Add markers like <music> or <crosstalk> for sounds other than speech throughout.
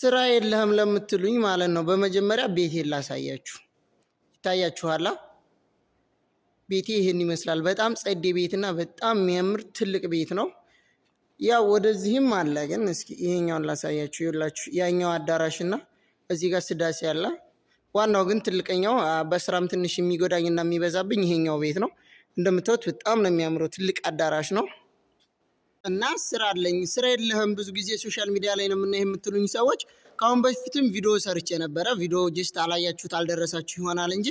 ስራ የለህም ለምትሉኝ ማለት ነው። በመጀመሪያ ቤቴን ላሳያችሁ፣ ይታያችኋላ። ቤቴ ይህን ይመስላል። በጣም ጸዴ ቤትና በጣም የሚያምር ትልቅ ቤት ነው። ያው ወደዚህም አለ፣ ግን እስኪ ይሄኛውን ላሳያችሁ። ይኸውላችሁ ያኛው አዳራሽና እዚህ ጋር ስዳሴ ያለ። ዋናው ግን ትልቀኛው በስራም ትንሽ የሚጎዳኝና የሚበዛብኝ ይሄኛው ቤት ነው። እንደምታዩት በጣም ነው የሚያምረው። ትልቅ አዳራሽ ነው። እና ስራ አለኝ። ስራ የለህም ብዙ ጊዜ ሶሻል ሚዲያ ላይ ነው የምናይ የምትሉኝ ሰዎች ከአሁን በፊትም ቪዲዮ ሰርቼ ነበረ። ቪዲዮ ጀስት አላያችሁት አልደረሳችሁ ይሆናል እንጂ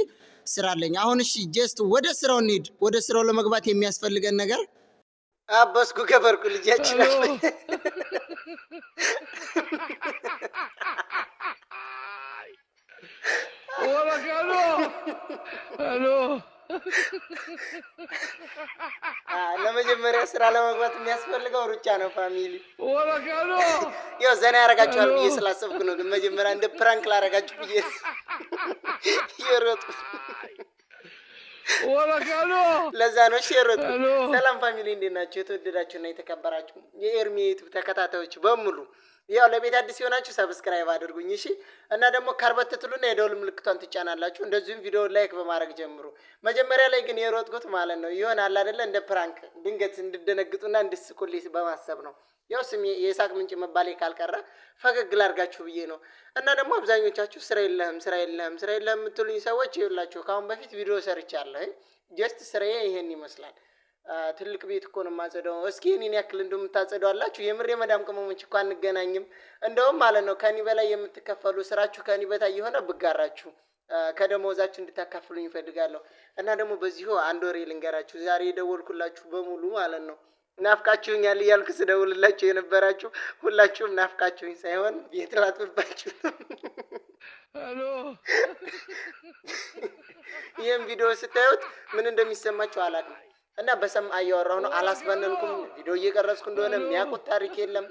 ስራ አለኝ። አሁን እሺ፣ ጀስት ወደ ስራው እንሂድ። ወደ ስራው ለመግባት የሚያስፈልገን ነገር አበስኩ ገበርኩ ልጃችን ለመጀመሪያ ስራ ለመግባት የሚያስፈልገው ሩጫ ነው። ፋሚሊ ወበቀሎ ያው ዘና ያረጋችኋል ብዬ ስላሰብኩ ነው። ግን መጀመሪያ እንደ ፕራንክ ላረጋችሁ ብዬ የሮጥኩ ወበቀሎ ለዛ ነው እሺ፣ ሰላም ፋሚሊ፣ እንዴት ናቸው? የተወደዳችሁና የተከበራችሁ የኤርሚ ዩቲዩብ ተከታታዮች በሙሉ ያው ለቤት አዲስ የሆናችሁ ሰብስክራይብ አድርጉኝ እሺ። እና ደግሞ ካልበተትሉና የደውል ምልክቷን ትጫናላችሁ። እንደዚሁም ቪዲዮ ላይክ በማድረግ ጀምሩ። መጀመሪያ ላይ ግን የሮጥኩት ማለት ነው ይሆን አለ አይደለ እንደ ፕራንክ ድንገት እንድደነግጡና እንድስቁልኝ በማሰብ ነው። ያው ስም የሳቅ ምንጭ መባሌ ካልቀረ ፈገግ ላርጋችሁ ብዬ ነው። እና ደግሞ አብዛኞቻችሁ ስራ የለህም ስራ የለህም ስራ የለህም የምትሉኝ ሰዎች ይኸውላችሁ ከአሁን በፊት ቪዲዮ ሰርቻለሁ። ጀስት ስራዬ ይሄን ይመስላል። ትልቅ ቤት እኮ ነው የማጸደው። እስኪ እኔን ያክል እንደምታጸዳው አላችሁ። የምር የመዳም ቅመሞች እኮ አንገናኝም። እንደውም ማለት ነው ከኒ በላይ የምትከፈሉ ስራችሁ ከኒ በታይ የሆነ ብጋራችሁ ከደሞዛችሁ እንድታካፍሉኝ ይፈልጋለሁ። እና ደግሞ በዚሁ አንድ ወሬ ልንገራችሁ። ዛሬ የደወልኩላችሁ በሙሉ ማለት ነው ናፍቃችሁኛል እያልኩ ስደውልላችሁ የነበራችሁ ሁላችሁም ናፍቃችሁኝ ሳይሆን ቤት ላጥብባችሁ ሄሎ ይህም ቪዲዮ ስታዩት ምን እንደሚሰማችሁ አላውቅም። እና በሰማ እያወራሁ ነው። አላስበንንኩም ቪዲዮ እየቀረጽኩ እንደሆነ የሚያውቁት ታሪክ የለም።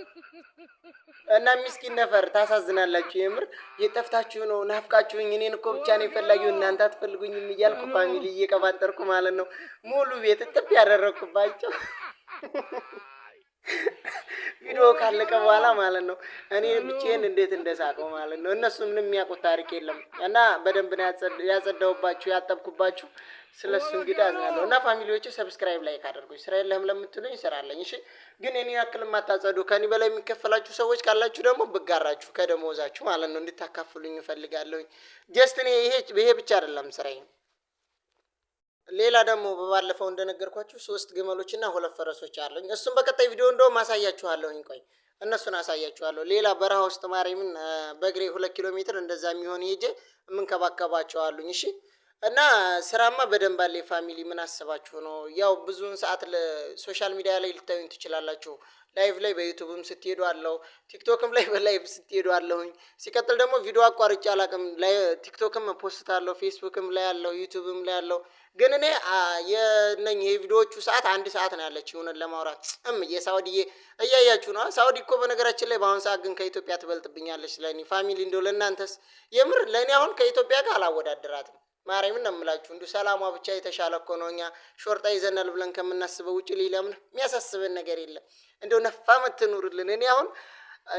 እና ሚስኪን ነፈር ታሳዝናላችሁ። የምር የጠፍታችሁ ነው ናፍቃችሁኝ። እኔን እኮ ብቻ ነው የፈላጊው እናንተ አትፈልጉኝም እያልኩ ፋሚሊ እየቀባጠርኩ ማለት ነው ሙሉ ቤት ጥብ ያደረግኩባቸው ቪዲዮ ካለቀ በኋላ ማለት ነው እኔ ብቻዬን እንዴት እንደሳቀው ማለት ነው። እነሱ ምንም የሚያውቁት ታሪክ የለም እና በደንብ ነው ያጸዳሁባችሁ፣ ያጠብኩባችሁ። ስለሱ እንግዲህ አዝናለሁ እና ፋሚሊዎች ሰብስክራይብ ላይ ካደርጉኝ ስራ የለህም ለምትሉኝ ይሰራለኝ። እሺ ግን እኔ ያክል ማታጸዱ ከኔ በላይ የሚከፈላችሁ ሰዎች ካላችሁ ደግሞ ብጋራችሁ ከደሞዛችሁ ማለት ነው እንድታካፍሉኝ እፈልጋለሁኝ። ጀስት እኔ ይሄ ብቻ አይደለም ስራዬ ሌላ ደግሞ በባለፈው እንደነገርኳችሁ ሶስት ግመሎችና ሁለት ፈረሶች አለኝ። እሱም በቀጣይ ቪዲዮ እንደውም አሳያችኋለሁኝ። ቆይ እነሱን አሳያችኋለሁ። ሌላ በረሃ ውስጥ ማርያምን በእግሬ ሁለት ኪሎ ሜትር እንደዛ የሚሆን ሄጄ የምንከባከባቸዋሉኝ። እሺ እና ስራማ በደንብ አለ። ፋሚሊ ምን አስባችሁ ነው? ያው ብዙውን ሰዓት ሶሻል ሚዲያ ላይ ልታዩኝ ትችላላችሁ። ላይቭ ላይ በዩቱብም ስትሄዱ አለው፣ ቲክቶክም ላይ በላይቭ ስትሄዱ አለሁኝ። ሲቀጥል ደግሞ ቪዲዮ አቋርጬ አላውቅም። ቲክቶክም ፖስት አለው፣ ፌስቡክም ላይ አለው፣ ዩቱብም ላይ አለው። ግን እኔ የነኝ የቪዲዮዎቹ ሰዓት አንድ ሰዓት ነው ያለች። ሆነን ለማውራት ጽም የሳውዲዬ እያያችሁ ነው። ሳውዲ እኮ በነገራችን ላይ በአሁን ሰዓት ግን ከኢትዮጵያ ትበልጥብኛለች። ለእኔ ፋሚሊ እንደው ለእናንተስ? የምር ለእኔ አሁን ከኢትዮጵያ ጋር አላወዳደራትም። ማርያምን ነው የምላችሁ። እንዲሁ ሰላሟ ብቻ የተሻለ እኮ ነው። እኛ ሾርጣ ይዘናል ብለን ከምናስበው ውጭ ሊለምን የሚያሳስበን ነገር የለም። እንደው ነፋ ምትኑርልን። እኔ አሁን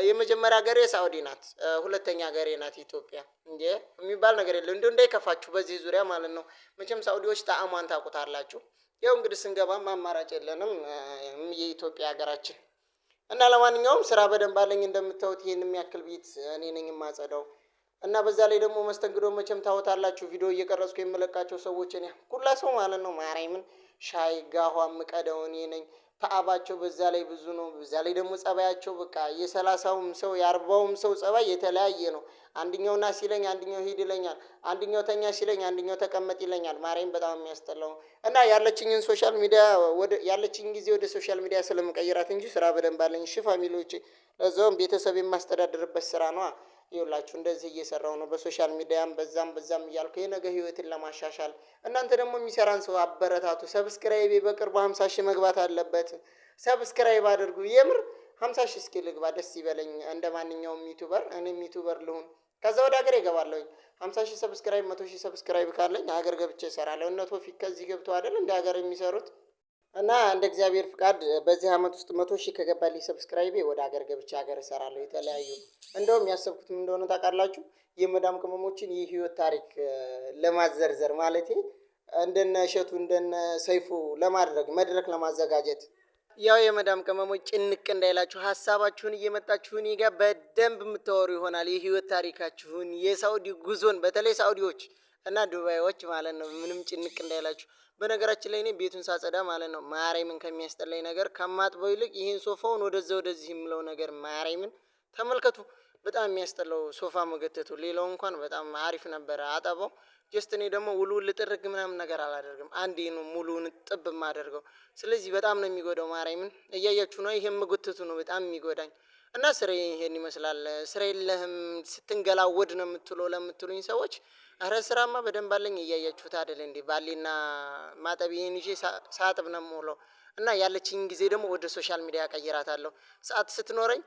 የመጀመሪያ ሀገሬ ሳውዲ ናት፣ ሁለተኛ ሀገሬ ናት ኢትዮጵያ። እንደ የሚባል ነገር የለም። እንደው እንዳይከፋችሁ በዚህ ዙሪያ ማለት ነው። መቼም ሳውዲዎች ጣዕሟን ታውቁታላችሁ። ያው እንግዲህ ስንገባም አማራጭ የለንም የኢትዮጵያ ሀገራችን እና ለማንኛውም ስራ በደንብ አለኝ እንደምታዩት። ይህን የሚያክል ቤት እኔ ነኝ የማጸዳው። እና በዛ ላይ ደግሞ መስተንግዶ መቼም ታወታላችሁ። ቪዲዮ እየቀረጽኩ የምለቃቸው ሰዎች እኔ ሁላ ሰው ማለት ነው ማርያምን ሻይ ጋኋ ምቀደው እኔ ነኝ። ተአባቸው በዛ ላይ ብዙ ነው። በዛ ላይ ደግሞ ጸባያቸው በቃ የሰላሳውም ሰው የአርባውም ሰው ጸባይ የተለያየ ነው። አንድኛው ና ሲለኝ አንድኛው ሂድ ይለኛል። አንድኛው ተኛ ሲለኝ አንድኛው ተቀመጥ ይለኛል። ማርያም በጣም የሚያስጠላው እና ያለችኝን ሶሻል ሚዲያ ወደ ያለችኝ ጊዜ ወደ ሶሻል ሚዲያ ስለምቀይራት እንጂ ስራ በደንብ አለኝ። እሺ ፋሚሊዎቼ፣ ለዛውም ቤተሰብ የማስተዳደርበት ስራ ነዋ። ይኸውላችሁ እንደዚህ እየሰራው ነው። በሶሻል ሚዲያም በዛም በዛም እያልኩ የነገ ህይወትን ለማሻሻል እናንተ ደግሞ የሚሰራን ሰው አበረታቱ። ሰብስክራይብ በቅርቡ ሀምሳ ሺህ መግባት አለበት። ሰብስክራይብ አድርጉ። የምር ሀምሳ ሺህ እስኪ ልግባ፣ ደስ ይበለኝ። እንደ ማንኛውም ዩቱበር እኔም ዩቱበር ልሁን። ከዛ ወደ ሀገር ይገባለሁኝ። ሀምሳ ሺህ ሰብስክራይብ፣ መቶ ሺህ ሰብስክራይብ ካለኝ ሀገር ገብቼ ይሰራለሁ። እነ ቶፊክ ከዚህ ገብተው አይደል እንደ ሀገር የሚሰሩት እና እንደ እግዚአብሔር ፍቃድ በዚህ አመት ውስጥ መቶ ሺህ ከገባልኝ ሰብስክራይቤ ወደ ሀገር ገብቼ ሀገር እሰራለሁ። የተለያዩ እንደውም ያሰብኩትም እንደሆነ ታውቃላችሁ የመዳም ቅመሞችን የህይወት ታሪክ ለማዘርዘር ማለቴ እንደነ እሸቱ እንደነ ሰይፉ ለማድረግ መድረክ ለማዘጋጀት ያው የመዳም ቅመሞች ጭንቅ እንዳይላችሁ ሀሳባችሁን እየመጣችሁ እኔ ጋር በደንብ የምታወሩ ይሆናል። የህይወት ታሪካችሁን የሳውዲ ጉዞን፣ በተለይ ሳውዲዎች እና ዱባዮች ማለት ነው ምንም ጭንቅ እንዳይላችሁ በነገራችን ላይ እኔ ቤቱን ሳጸዳ ማለት ነው ማርያምን ከሚያስጠላኝ ነገር ከማጥበው ይልቅ ይህን ሶፋውን ወደዛ ወደዚህ የምለው ነገር ማርያምን ተመልከቱ። በጣም የሚያስጠላው ሶፋ መገተቱ። ሌላው እንኳን በጣም አሪፍ ነበረ አጠበው ጀስት እኔ ደግሞ ውልውል ጥርግ ምናምን ነገር አላደርግም። አንዴ ነው ሙሉውን ጥብ የማደርገው። ስለዚህ በጣም ነው የሚጎዳው። ማርያምን እያያችሁ ነው። ይሄ መጎተቱ ነው በጣም የሚጎዳኝ እና ስራ ይሄን ይመስላል። ስራ የለህም ስትንገላወድ ነው የምትውለው ለምትሉኝ ሰዎች ኧረ ስራማ በደንብ አለኝ እያያችሁት አይደል እንዴ ባሌና ይህን ይዤ ሳጥብ ነው የምውለው። እና ያለችኝ ጊዜ ደግሞ ወደ ሶሻል ሚዲያ እቀይራታለሁ። ሰዓት ስትኖረኝ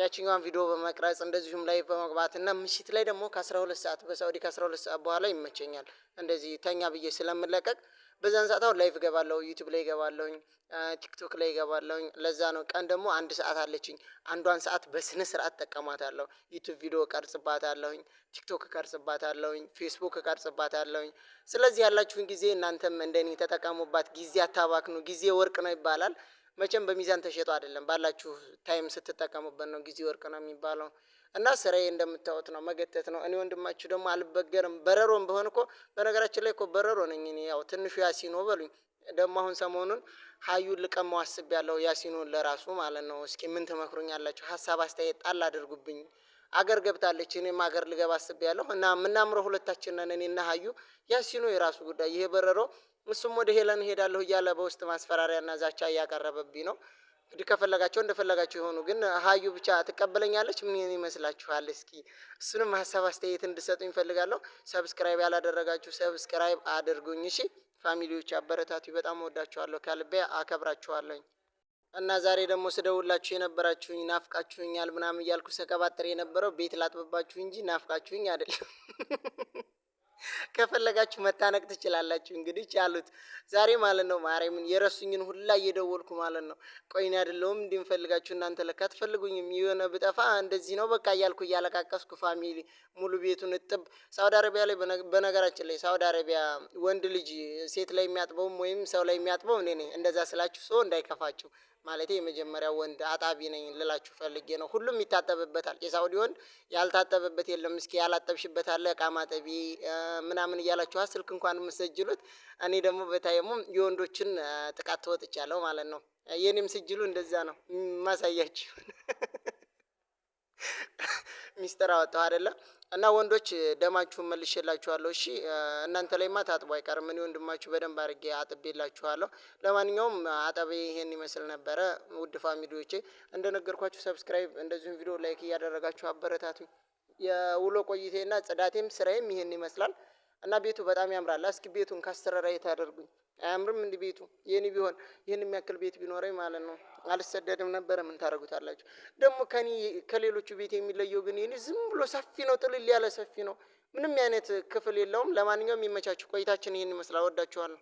ያችኛዋን ቪዲዮ በመቅረጽ እንደዚሁም ላይ በመግባት እና ምሽት ላይ ደግሞ ከአስራ ሁለት ሰዓት በሳውዲ ከአስራ ሁለት ሰዓት በኋላ ይመቸኛል እንደዚህ ተኛ ብዬ ስለምለቀቅ በዛን ሰዓት አሁን ላይቭ እገባለሁ ዩቱብ ላይ እገባለሁኝ ቲክቶክ ላይ እገባለሁኝ። ለዛ ነው ቀን ደግሞ አንድ ሰዓት አለችኝ። አንዷን ሰዓት በስነ ስርዓት እጠቀማታለሁ። ዩቲዩብ ቪዲዮ እቀርጽባታለሁኝ፣ ቲክቶክ እቀርጽባታለሁኝ፣ ፌስቡክ እቀርጽባታለሁኝ። ስለዚህ ያላችሁን ጊዜ እናንተም እንደኔ ተጠቀሙባት። ጊዜ አታባክኑ፣ ጊዜ ወርቅ ነው ይባላል። መቼም በሚዛን ተሸጦ አይደለም። ባላችሁ ታይም ስትጠቀሙበት ነው። ጊዜ ወርቅ ነው የሚባለው እና ስራዬ እንደምታወት ነው፣ መገጠት ነው። እኔ ወንድማችሁ ደግሞ አልበገርም። በረሮም በሆን እኮ በነገራችን ላይ እኮ በረሮ ነኝ እኔ። ያው ትንሹ ያሲኖ በሉኝ። ደግሞ አሁን ሰሞኑን ሀዩን ልቀማው አስቤያለሁ፣ ያሲኖን ለራሱ ማለት ነው። እስኪ ምን ትመክሩኛላችሁ? ሀሳብ አስተያየት ጣል አድርጉብኝ። አገር ገብታለች፣ እኔም አገር ልገባ አስቤያለሁ እና የምናምረው ሁለታችን ነን፣ እኔና ሀዩ። ያሲኖ የራሱ ጉዳይ ይሄ በረሮ እሱም ወደ ሄለን ሄዳለሁ እያለ በውስጥ ማስፈራሪያና ዛቻ እያቀረበብኝ ነው። እንግዲህ ከፈለጋቸው እንደፈለጋቸው የሆኑ ግን ሀዩ ብቻ ትቀበለኛለች። ምን ይመስላችኋል? እስኪ እሱንም ሀሳብ አስተያየት እንድሰጡኝ ይፈልጋለሁ። ሰብስክራይብ ያላደረጋችሁ ሰብስክራይብ አድርጉኝ። እሺ ፋሚሊዎች አበረታቱ። በጣም ወዳችኋለሁ፣ ከልቤ አከብራችኋለሁኝ። እና ዛሬ ደግሞ ስደውላችሁ የነበራችሁኝ ናፍቃችሁኛል ምናምን እያልኩ ሰቀባጥር የነበረው ቤት ላጥብባችሁ እንጂ ናፍቃችሁኝ አይደለም። <laughs> ከፈለጋችሁ መታነቅ ትችላላችሁ። እንግዲህ ቻሉት ዛሬ ማለት ነው። ማርያምን የረሱኝን ሁላ እየደወልኩ ማለት ነው። ቆይን አይደለሁም እንዲንፈልጋችሁ እናንተ ለካ አትፈልጉኝም። የሆነ ብጠፋ እንደዚህ ነው በቃ እያልኩ እያለቃቀስኩ ፋሚሊ ሙሉ ቤቱን እጥብ። ሳውዲ አረቢያ ላይ በነገራችን ላይ ሳውዲ አረቢያ ወንድ ልጅ ሴት ላይ የሚያጥበውም ወይም ሰው ላይ የሚያጥበው እኔ ነኝ። እንደዛ ስላችሁ ሰው እንዳይከፋችሁ ማለት የመጀመሪያው ወንድ አጣቢ ነኝ ልላችሁ ፈልጌ ነው። ሁሉም ይታጠብበታል። የሳውዲ ወንድ ያልታጠበበት የለም። እስኪ ያላጠብሽበት አለ እቃ ማጠቢ ምናምን እያላችሁ ስልክ እንኳን የምትሰጅሉት። እኔ ደግሞ በታየሙ የወንዶችን ጥቃት ትወጥቻለሁ ማለት ነው። የእኔም ስጅሉ እንደዛ ነው ማሳያችሁ ሚስጥር አወጣሁ አይደለ እና ወንዶች ደማችሁን መልሼላችኋለሁ። እሺ እናንተ ላይማ ታጥቦ አይቀርም። እኔ ወንድማችሁ በደንብ አድርጌ አጥቤላችኋለሁ። ለማንኛውም አጠቤ ይሄን ይመስል ነበረ። ውድ ፋሚሊዎቼ እንደነገርኳችሁ ሰብስክራይብ፣ እንደዚሁም ቪዲዮ ላይክ እያደረጋችሁ አበረታቱኝ። የውሎ ቆይቴና ጽዳቴም ስራዬም ይሄን ይመስላል እና ቤቱ በጣም ያምራል። እስኪ ቤቱን ካስተረራየት አደርጉኝ አያምርም እንዲህ ቤቱ የኔ ቢሆን ይህን የሚያክል ቤት ቢኖረኝ ማለት ነው አልሰደድም ነበረ። ምን ታደርጉታላችሁ ደግሞ ከኔ ከሌሎቹ ቤት የሚለየው ግን የኔ ዝም ብሎ ሰፊ ነው፣ ጥልል ያለ ሰፊ ነው። ምንም አይነት ክፍል የለውም። ለማንኛውም የሚመቻችሁ ቆይታችን ይህን ይመስላል። ወዳችኋለሁ።